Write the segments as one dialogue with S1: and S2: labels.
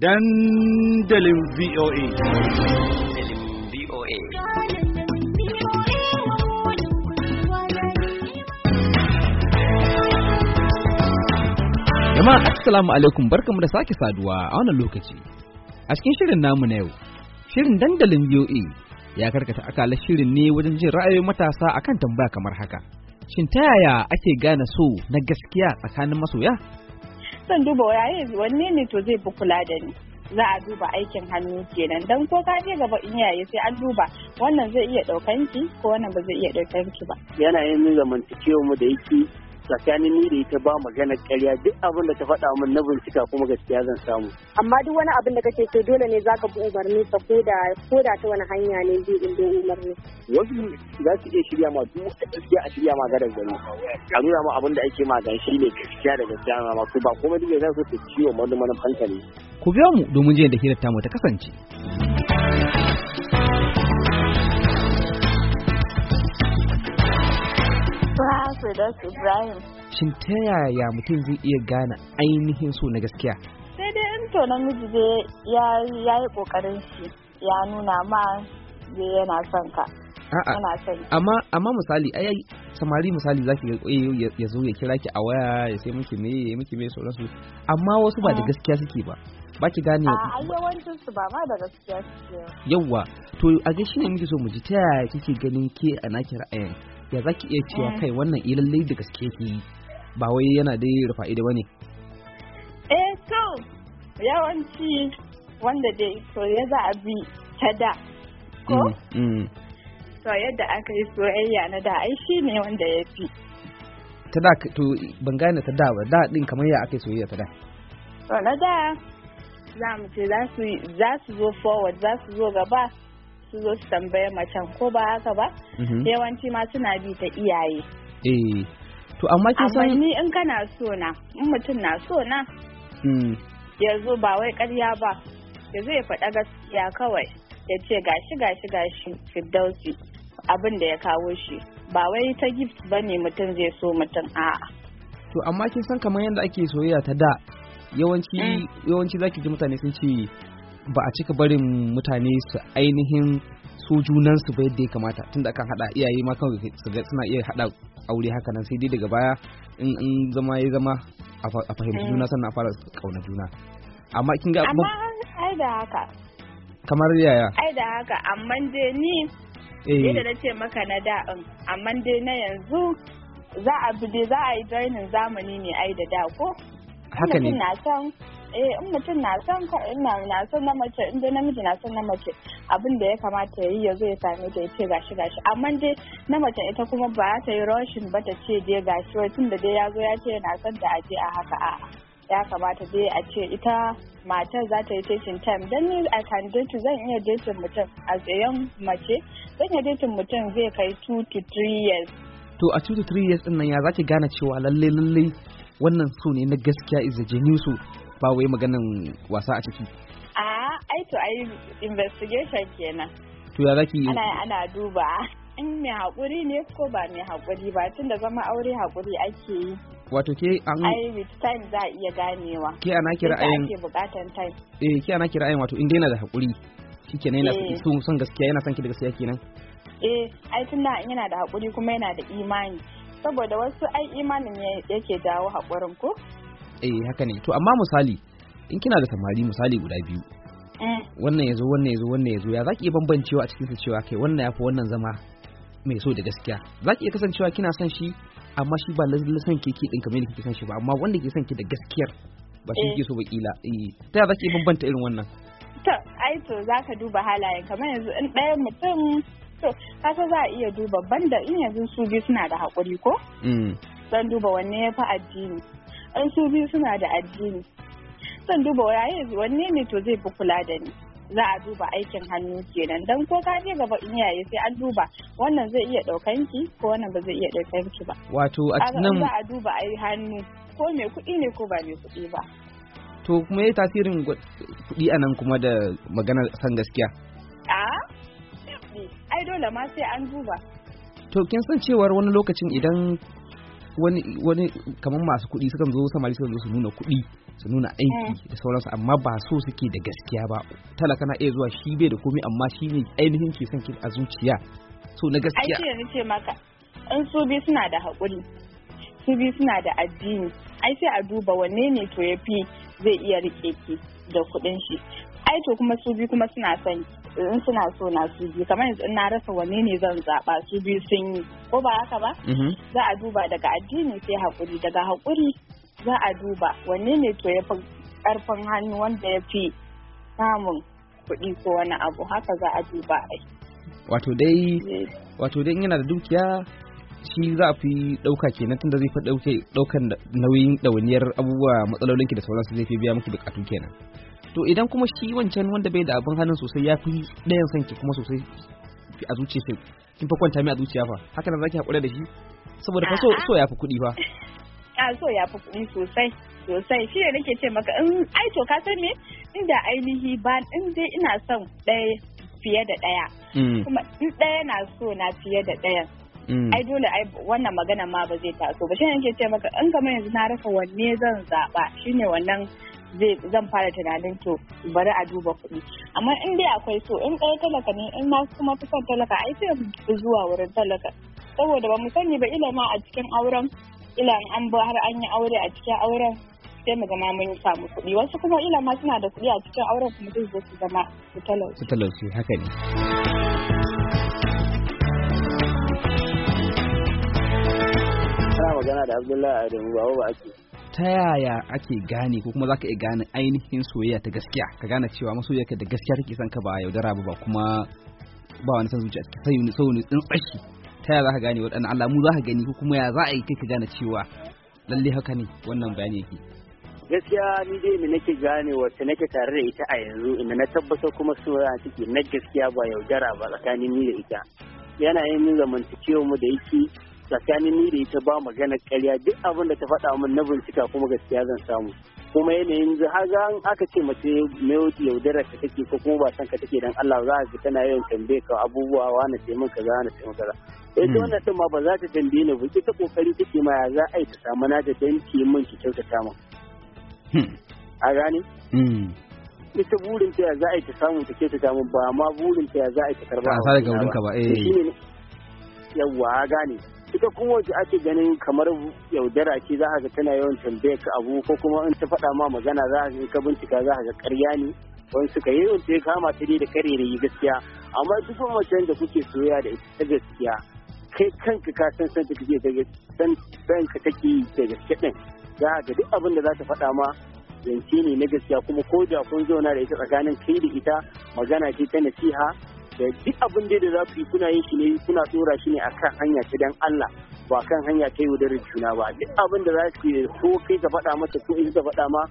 S1: dandalin VOA. Dandalin VOA.
S2: Jama'a Assalamu
S1: alaikum barkamu da sake saduwa a wannan lokaci. A cikin shirin namu na yau, shirin dandalin VOA ya karkata akalar shirin ne wajen jin ra'ayoyin matasa akan tambaya kamar haka. Shin ta yaya ake gane so na gaskiya tsakanin masoya?
S3: zan duba waye wanne ne to zai fi kula da ni za a duba aikin hannu kenan dan ko ka je gaba in yaye sai an duba wannan zai iya daukan ki ko wannan ba zai iya daukan ki ba
S4: yanayin zamantakewa mu da yake tsakanin ni da ita ba magana ƙarya duk abin da ta faɗa min na bincika kuma gaskiya zan samu
S5: amma duk wani abin da kake so dole ne za ka bi umarni sa ko da ta wani hanya ne zai in bi umarni wasu za su iya shirya ma duk gaskiya a shirya ma gadar gani
S4: a nuna ma abin da ake gan shi ne gaskiya da gaskiya na masu ba kuma duk da za su ciwo manuman hankali
S1: ku biya mu domin jin da hirar mu ta kasance
S2: Firdaus Ibrahim.
S1: Shin ta yaya mutum zai iya gane ainihin so na gaskiya?
S3: Sai dai in to namiji dai ya yi kokarin shi ya nuna ma da yana son ka.
S1: Amma amma misali ai samari misali zaki ga eh, ya zo ya kira ki a waya ya sai miki me ya miki me su. amma wasu ba da eh. gaskiya suke ba ba ki gane a
S5: yawancin su ba ma da gaskiya suke
S1: yawa to a ga shine muke so mu ji ta yaya kike ganin ke a naki ra'ayin ya zaki iya cewa eh. kai wannan ilallai da gaske ke yi ba wai yana dai rufa ido ne.
S3: eh to yawanci wanda dai soyayya za a bi ta da
S1: ko mm, mm.
S3: to yadda aka yi soyayya na da ai shi ne wanda ya fi
S1: ta da to ban gane ta da ba da din kamar ya aka yi soyayya ta da
S3: to na da za mu ce za su zo forward za su zo gaba su zo su tambaye macen ko ba haka ba mhm. yawanci ma suna bi ta iyaye
S1: eh to amma kin san
S3: ni in kana so na in mutum na so na hmm. yanzu ba wai ƙarya ba ya zai faɗa gaskiya kawai ya ce gashi gashi gashi Fiddausi abin da ya kawo shi ba wai ta gift ba ne mutum zai so mutum a'a
S1: to amma kin san kamar yadda ake soyayya ta da yawanci mm. yawanci zaki ji mutane sun ce ba a cika barin mutane su ainihin su junansu ba yadda ya kamata tunda akan hada iyaye ma kawai su ga suna iya hada aure haka nan sai dai daga baya in in zama ya zama a fahimci juna sannan a fara kauna juna amma kin ga amma ai da haka kamar yaya
S3: ai da haka amma dai ni eh da na ce maka na da'in um, amma dai na yanzu za a bi za a yi joinin zamani ne ai da da ko haka ne na san eh in mutum na son ka na son na mace in dai namiji na son na mace abin da ya kamata ya yi ya ya same ta ya ce gashi gashi amma dai na mace ita kuma ba ta yi rashin ba ta ce dai gashi wai tun da dai ya zo ya ce yana son ta aje a haka a ya kamata dai a ce ita matar za ta yi taking time don ni a kan date zan iya dating mutum a tsayen mace zan iya dating mutum zai kai 2 to 3 years
S1: to a 2 to 3 years din nan ya za gane cewa lalle lalle wannan so ne na gaskiya is a genuine so ba wai maganin wasa a ciki
S3: a ai to ai investigation kenan
S1: to ya zaki ana
S3: ana duba in mai haƙuri ne ko ba mai haƙuri ba tun da zama aure haƙuri ake yi
S1: wato ke an ai
S3: with time za a iya ganewa ke
S1: ana kira ayin ke
S3: bukatan time
S1: eh ke ana kira ayin wato in daina da haƙuri shikenan yana eh. son son gaskiya yana son ki da gaskiya kenan
S3: eh ai tun da yana da haƙuri kuma yana da imani saboda wasu ai imanin yake jawo haƙurin ko
S1: eh haka ne to amma misali in kina da samari misali guda biyu eh. wannan yazo wannan yazo wannan yazo ya zaki iya bambancewa a cikin su cewa kai wannan yafi wannan zama mai so da gaskiya zaki iya kasancewa kina son shi amma shi ba lalle son ke ki din kamar kike son shi ba amma wanda ke son ki da gaskiyar ba shi eh. ke so ba kila eh ta zaki iya bambanta irin wannan
S3: to ai to zaka duba halayen kamar yanzu in ɗaya mutum to kasa za a iya duba banda in yanzu su biyu suna da haƙuri ko mm. zan duba wanne ya fi addini an su biyu suna da addini zan duba waye wanne ne to zai fi kula da ni za a duba aikin hannu kenan dan ko ka je gaba in yaye sai an duba wannan zai iya daukan ki ko wannan ba zai iya daukan ki ba
S1: wato a nan za
S3: a duba ai hannu ko me kuɗi ne ko ba me kuɗi ba
S1: to kuma yayi tasirin kuɗi a nan kuma da maganar san gaskiya a
S3: ai dole ma sai an duba
S1: to kin san cewar wani lokacin idan wani wani kamar masu kuɗi sukan zo samari sukan zo su nuna kuɗi su nuna aiki eh. da sauransu amma ba so suke da gaskiya ba talaka na iya zuwa shi bai da komi amma shi ne ainihin ke son a zuciya so na gaskiya ai
S3: ce ce maka in su bi suna da haƙuri su bi suna da addini ai sai a duba wanne ne to yafi zai iya rike ki da kuɗin shi ai to kuma su bi kuma suna son ki in suna so na su biyu kamar yanzu in na rasa wanne ne zan zaba su biyu sun yi ko ba haka ba mm-hmm. za a duba daga addini sai hakuri daga hakuri za a duba wanne ne to ya fi karfin hannu wanda ya fi samun kuɗi ko wani abu haka za a duba
S1: wato dai eh. wato dai yana da dukiya shi za a fi ɗauka kenan tunda zai fi ɗaukan nauyin dawaniyar abubuwa matsalolinki da sauransu zai fi biya miki bukatu kenan to idan kuma shi wancan wanda bai da abin hannun sosai ya fi ɗayan son ki kuma sosai a zuciya sai kin fa kwanta mai a zuciya fa haka nan zaki hakura da shi saboda fa so ya fi kuɗi fa
S3: a so ya fi kuɗi sosai sosai shi ne nake ce maka in ai to ka san me inda ainihi ba in dai ina son ɗaya fiye da ɗaya mm. kuma in ɗaya na so na fiye da ɗayan mm. ai dole ai wannan magana ma ba zai taso ba shi ne nake ce maka in kamar yanzu na rasa wanne zan zaɓa shine wannan zan fara tunanin to bari a duba kuɗi amma in dai akwai so in ɗaya talaka ne in masu kuma fi son talaka ai sai zuwa wurin talaka saboda ba mu sani ba ilama a cikin auren ilan an ba har an yi aure a cikin auren sai mu zama mun samu kuɗi wasu kuma ilama suna da kuɗi a cikin
S4: auren kuma zai zai su zama su talauci.
S1: Su talauci haka ne.
S4: Ana magana da Abdullahi Adamu ba ba ake.
S1: ta yaya ake gane ko kuma zaka iya gane ainihin soyayya ta gaskiya ka gane cewa masoyiyarka da gaskiya take son ka ba yaudara ba kuma ba wani san zuciya sai ni sau ni tsaki ta yaya zaka gane waɗannan alamu zaka gani ko kuma ya za a yi kai ka gane cewa lalle haka ne wannan bayani yake
S4: gaskiya ni dai me nake gane wacce nake tare da ita a yanzu inda na tabbatar kuma soyayya take na gaskiya ba yaudara ba tsakanin ni da ita yana yin zamantakewa mu da yake tsakanin ni da ita ba magana karya duk abin da ta faɗa min na bincika kuma gaskiya zan samu kuma yanayin har an aka ce mace mai yaudarar ka take ko kuma ba san ka take dan Allah za ka tana yawan tambaye ka abubuwa wa na ce min za na ce min kaza eh to hmm. wannan din ma ba za ta tambaye ni ba ita kokari take ma ya za a yi ta samu na ta danki min ki kyautata mu hmm. a gane hmm. ita burin ta ya za a yi ta samu ta kyautata mu ba ma burin ta ya za a yi ta karba ba eh. a ga wurin ka ba eh yawwa gane ita kuma wace ake ganin kamar yaudara ce za a ga tana yawan tambaye ka abu ko kuma in ta faɗa ma magana za ga ka bincika za a ga ƙarya ne wani suka yi yawan ya kama ta dai da karerayi gaskiya amma duk macen da kuke soya da ita gaskiya kai kanka ka san san kake da san san ka take da gaske din za ga duk abin da za ta faɗa ma zance ne na gaskiya kuma ko da kun zauna da ita tsakanin kai da ita magana ce ta nasiha da duk abin da za su yi kuna yin shi ne kuna tsora shi ne kan hanya ta dan Allah ba kan hanya ta yaudarar juna ba duk abin da za su yi ko kai ka faɗa mata ko in ka faɗa ma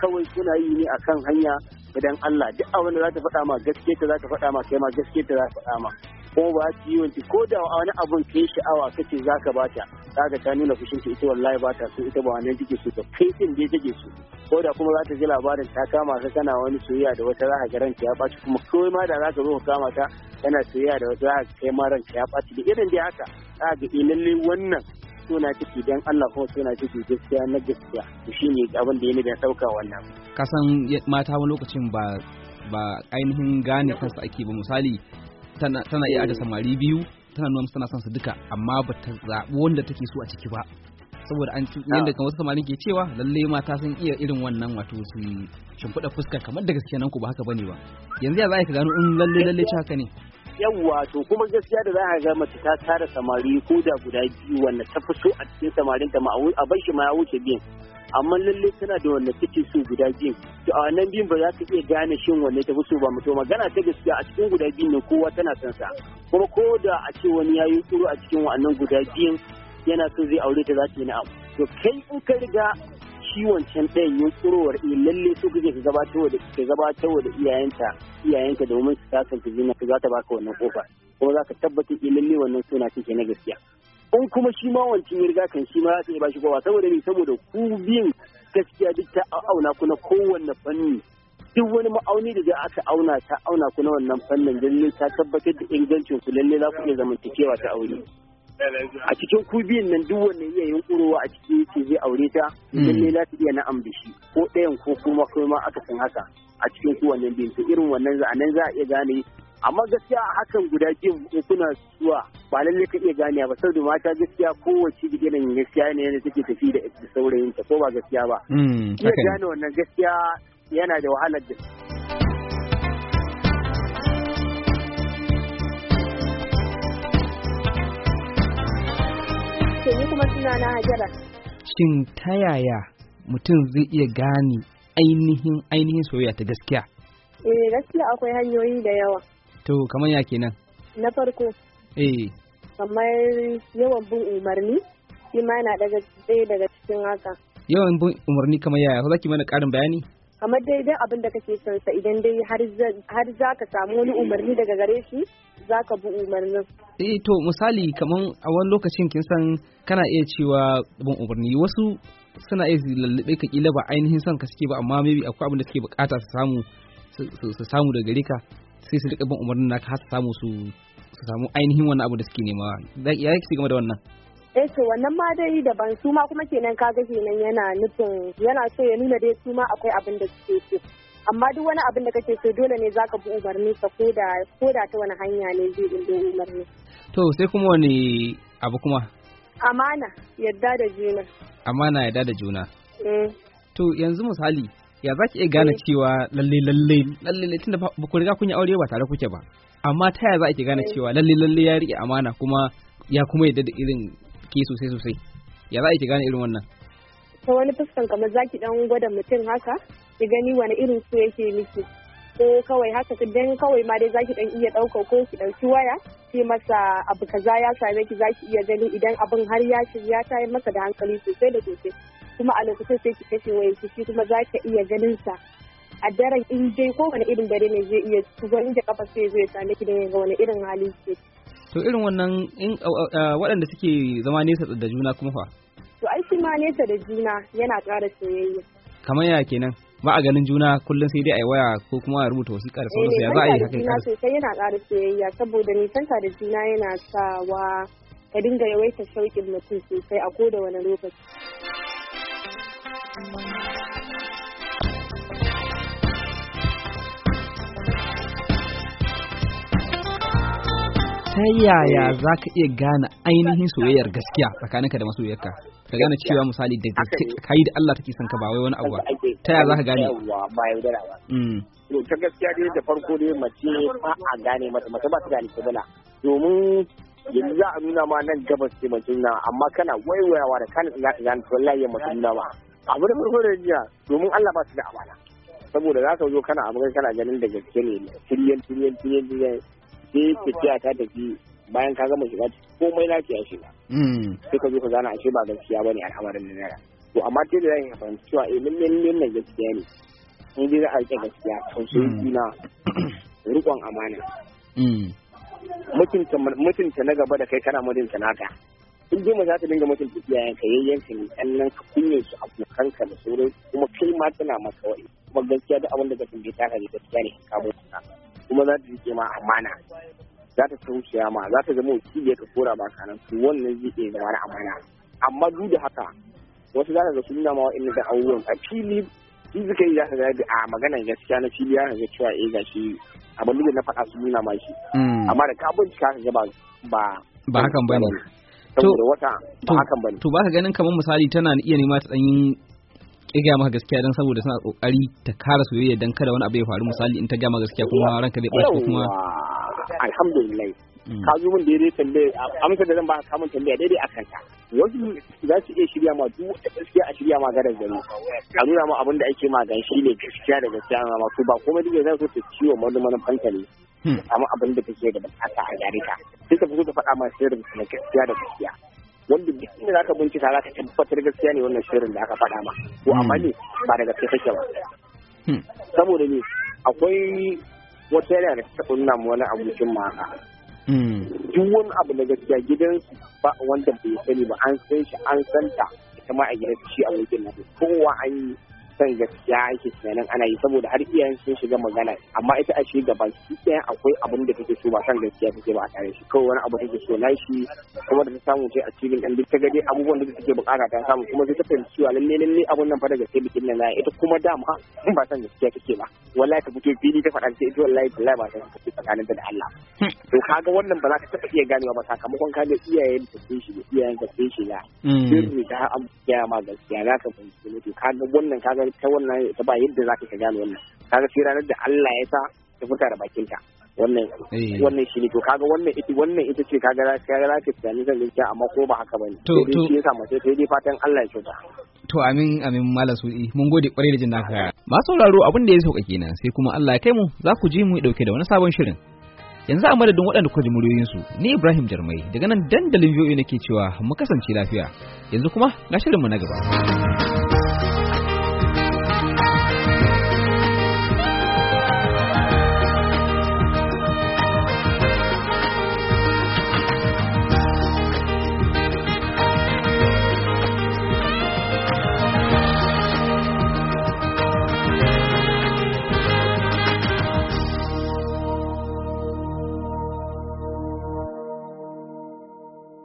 S4: kawai kuna yi ne a kan hanya ta dan Allah duk abin da za ta faɗa ma gaske ta za ta faɗa ma kai ma gaske ta za ta faɗa ma kuma ba ta yi wanci ko da wani abun ke sha'awa kake za ka bata kaga ta nuna fushin ta ita wallahi ba ta so ita ba wannan take so ta kai din dai take so ko da kuma za ta ji labarin ta kama ka kana wani soyayya da wata za ka ga ya ɓaci kuma kawai ma da za ka zo ka kama ta kana soyayya da wata za ka kai ma ranka ya ɓaci da irin dai haka za ka ga eh lalle wannan suna ciki dan Allah kuma suna ciki gaskiya na gaskiya to shine abin da ya da dauka wannan
S1: kasan mata wani lokacin ba ba ainihin gane kansa ake ba misali tana iya aje samari biyu tana nuna tana son su duka amma ba ta zaɓi wanda take so a ciki ba saboda an yadda ah. kan wasu samarin ke cewa lalle mata sun iya irin wannan wato su shimfiɗa fuska kamar da gaskiya nan ku ba haka bane ba yanzu ya za ka gano in lalle lalle ci haka ne
S4: yawwa to kuma gaskiya da za a ga mace ta tara samari ko da guda biyu wanda ta fi so a cikin samarin ta ma a bar shi ma ya wuce biyan amma lalle tana da wanda take so guda biyu to a wannan biyun ba za ka iya gane shin wanne ta fi so ba mutum magana ta gaskiya a cikin guda biyun ne kowa tana son sa kuma ko da a ce wani ya yi tsoro a cikin wannan guda biyun yana so zai aure ta za ta yi na'am to kai in ka riga shi wancan ɗayan yin tsorowar iya eh, lalle so kake ka gabatarwa da ka gabatarwa da iyayenta iyayenka domin su kasance zina ka za ta baka wannan kofa kuma za ka tabbatar iya eh, lalle wannan suna take na gaskiya in kuma shi ma wancan ya riga kan shi ma za ta iya shi kowa saboda ne saboda ku biyun gaskiya duk ta auna ku na kowanne fanni duk wani ma'auni da za aka auna ta auna ku na wannan fannin lalle ta tabbatar da ingancin ku lalle za ku iya zamantakewa ta aure a cikin ku biyun nan duk wanne iya yunkurowa a cikin yake zai aure ta hmm. lalle za ta iya na da shi ko ɗayan ko kuma kai ma aka san haka a cikin ku wannan biyun irin wannan za a nan za a iya gane amma gaskiya a hakan guda jin in suna zuwa ba lalle ka iya gane ba saboda mata gaskiya kowace gidan gaskiya ne da take tafi da saurayinta ko ba gaskiya ba
S2: hmm, iya gane
S4: wannan gaskiya yana da wahalar da
S5: ni kuma suna na hajara
S1: shin ta yaya mutum zai iya gane ainihin ainihin soyayya ta gaskiya
S5: eh gaskiya akwai hanyoyi da yawa
S1: To kamar ya kenan? Na farko. Eh.
S5: Kamar yawan bin umarni shi ma yana daga ɗaya daga cikin haka.
S1: Yawan bin umarni kamar yaya ko ki mana ƙarin bayani?
S5: Kamar dai dai abin da kake son sa idan dai har za ka samu wani umarni daga gare shi za ka bi umarnin.
S1: Eh to misali kamar a wani lokacin kin san kana iya cewa bin umarni wasu suna iya lallabe ka kila ba ainihin son ka suke ba amma maybe akwai abin da suke bukata su samu su samu daga gare ka sai su rika bin umarnin da ka samu su su samu ainihin wannan abu da suke nema ya yake game da wannan
S5: eh to wannan ma dai daban su ma kuma kenan kaga kenan yana nufin yana so ya nuna dai su ma akwai abin da suke so amma duk wani abin da kake so dole ne zaka bi umarni sa ko da ko da ta wani hanya ne zai bi umarni
S1: to sai kuma wani abu kuma
S5: amana yadda da juna
S1: amana yadda da juna eh to yanzu misali ya za ki iya gane eh. cewa lalle lalle lalle lalle tunda ba ku riga kun yi aure ba tare kuke ba amma ta ya za ki gane eh. cewa lalle lalle ya riƙe amana kuma ya kuma yadda da irin ke sosai sosai ya za ki gane irin wannan
S5: ta wani fuskan kamar zaki dan gwada mutum haka ki gani wani irin su yake miki ko kawai haka ka dan kawai ma dai zaki dan iya dauka ko ki dauki waya ki masa abu kaza ya same ki zaki iya gani idan abin har ya shirya ta yi masa da hankali sosai da sosai kuma a lokacin sai ki kashe wayar shi kuma za ka iya ganin sa a daren in dai wani irin dare ne zai iya tuba inda kafa sai zai same ki da ga wani irin hali ce
S1: to irin wannan in waɗanda suke zama nesa da juna kuma fa
S5: to ai shi ma nesa da juna yana ƙara soyayya
S1: kamar ya kenan ba a ganin juna kullum sai dai a yi waya ko kuma a rubuta wasu ƙarfi wasu. ya za a yi haka ya eh,
S5: sosai yana ƙara soyayya saboda nisanta da juna yana sawa ka dinga yawaita shauƙin mutum sosai a koda wani lokaci
S1: ta yaya za ka iya gane ainihin soyayyar gaskiya tsakaninka da masoyarka ka gane cewa misali da gaske kai da Allah take son ka ba wai wani abu ta yaya za ka gane mm.
S4: to ta gaskiya dai da farko dai mace ba a gane mata mace ba ta gane ta bala domin yanzu za a nuna ma nan gabas ce mace nuna amma kana waiwayawa da kana to wallahi ya mace nuna ma abu da farko da jiya domin Allah ba su da amana saboda za ka zo kana abu kana ganin da gaske ne tiriyan tiriyan tiriyan sai tafiya ta tafi bayan ka gama shiga komai na ya shiga hmm. sai ka zo ka a ashe ba gaskiya bane al'amarin naira to amma ta da zan fahimci cewa eh lalle lalle gaskiya ne in dai za a rike gaskiya tausayi hmm. juna rikon amana hmm. mutunta na gaba da kai kana mutunta naka in dai za ta dinga mutunta iyayen ka yayyen ka ne kallon ka kunye su abokan ka da sauran kuma kai ma tana maka wa'i kuma gaskiya duk abin da ka tambaye ta ka ne gaskiya ne ka mutunta. kuma za ta rike ma amana za ta tausaya ma za ta zama wakili ka kora ba kanan su wannan zai iya zama amana amma duk da haka wasu za ka ga sun nuna wa'in da abubuwan a fili shi suka yi za ka zaɓi a maganar gaskiya na fili za ka ga cewa eh gashi abin da na faɗa su nuna ma shi hmm. amma da ka bincika ka ga ba
S1: ba hakan bane saboda ba hakan bane to ba ka ganin kamar misali tana iya nema ta ɗanyin ki gaya maka gaskiya dan saboda suna kokari ta kara soyayya dan kada wani abu ya faru misali in ta gaya maka gaskiya kuma ranka zai ɓaci kuma
S4: alhamdulillah mm. ka zo min daidai tambaya amsa da zan ba ka mun tambaya daidai a kanta wasu za su iya shirya ma duk gaskiya a shirya ma gadar gari a nuna ma abin da ake magan shi ne gaskiya da gaskiya na ma ba komai duk zai so ta ciwo manuman fanta ne hmm. amma abin da take da bukata a gare ta sai ta fito ta faɗa ma sirrin na gaskiya da gaskiya wanda duk inda zaka bincika zaka tabbatar gaskiya ne wannan shirin da aka faɗa ma ko amma ne ba daga kai kake ba hmm. saboda ne akwai wata yana da ta kunna mu wani abokin ma haka hmm. duk wani abu na gaskiya gidan ba wanda bai sani ba an san shi an santa ita ma a gidan shi abokin nan kowa an yi san gaskiya ake tunanin ana yi saboda har iyayen sun shiga magana amma ita a shi gaban sai akwai abin da take so ba san gaskiya take ba a tare shi kawai wani abu take so na shi kuma da ta samu sai a cikin dan duk ta gade abubuwan da take bukata ta samu kuma sai ta fahimci cewa lalle lalle abun nan fa da sai bikin nan ita kuma dama ba san gaskiya take ba wallahi ta fito fili ta faɗa sai ita wallahi billahi ba san gaskiya tsakanin da Allah to kaga wannan ba za ka taɓa iya ganewa ba sakamakon ka ga iyayen da sun shi iyayen da sun shiga sai ta abu ya ma gaskiya za ka fahimci ne to kaga wannan kaga wannan ta wannan ta ba yadda za ka gane wannan kaga sai ranar da Allah ya sa ta furta da bakin ta wannan eh. wannan shi ne to kaga wannan ita wannan ita ce kaga kaga za ka tsani zan gaskiya amma ko ba haka bane to to shi yasa mace sai dai fatan Allah ya kyauta
S1: to amin amin malam su'i mun gode kwarai da jin naka masu sauraro abin da ya sauka kenan sai kuma Allah ya kai mu za ku ji mu dauke da wani sabon shirin yanzu a madadin waɗanda kuka ji muryoyinsu ni Ibrahim Jarmai daga nan dandalin VOA nake cewa mu kasance lafiya yanzu kuma ga shirinmu na gaba.